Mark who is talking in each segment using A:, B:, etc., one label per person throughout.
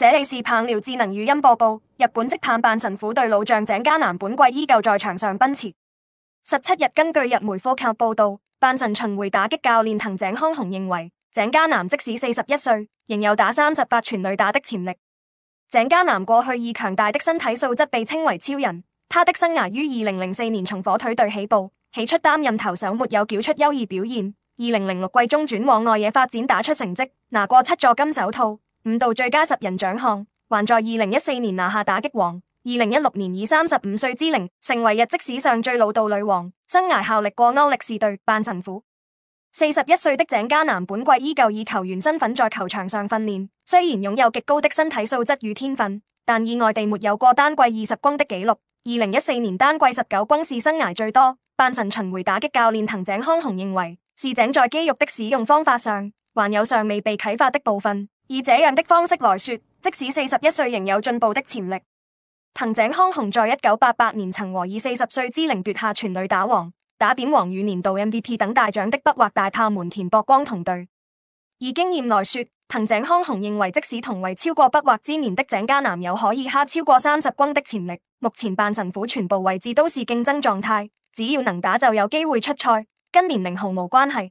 A: 這裡是棒聊智能語音播報。日本職棒坂神虎隊老將糸井嘉男本季依舊在場上奔馳。十七日，根據日媒 Full-Count 報道，坂神巡回打擊教練藤井康雄認為，糸井嘉男即使四十一歲，仍有打三十發全壘打的潛力。糸井嘉男過去以強大的身體素質被稱為超人，他的生涯於二零零四年從火腿隊起步，起初擔任投手，沒有繳出優異表現。二零零六季中轉往外野發展，打出成績，拿過七座金手套。五度最佳十人獎項，還在二零一四年拿下打擊王。二零一六年以三十五歲之齡，成為日職史上最老盜壘王。生涯效力過歐力士隊、阪神虎。四十一歲的糸井嘉男本季依舊以球員身份在球場上訓練。雖然擁有極高的身體素質與天分，但意外地沒有過單季二十轟的紀錄。二零一四年單季十九轟是生涯最多。阪神巡迴打擊教練藤井康雄認為，糸井在肌肉的使用方法上，還有尚未被啟發的部分。以這樣的方式來說，即使四十一歲仍有進步的潛力。藤井康雄在一九八八年曾和以四十歲之齡奪下全壘打王、打點王與年度 MVP 等大獎的不惑大炮門田博光同隊。以經驗來說，藤井康雄認為即使同為超過不惑之年的糸井嘉男有，可以敲超過三十轟的潛力。目前坂神虎全部位置都是競爭狀態，只要能打就有機會出賽，跟年齡毫無關係。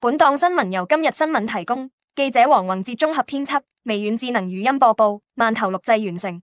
A: 本檔新聞由今日新聞提供。記者王宏哲綜合編輯，微軟智能語音播報，饅頭錄製完成。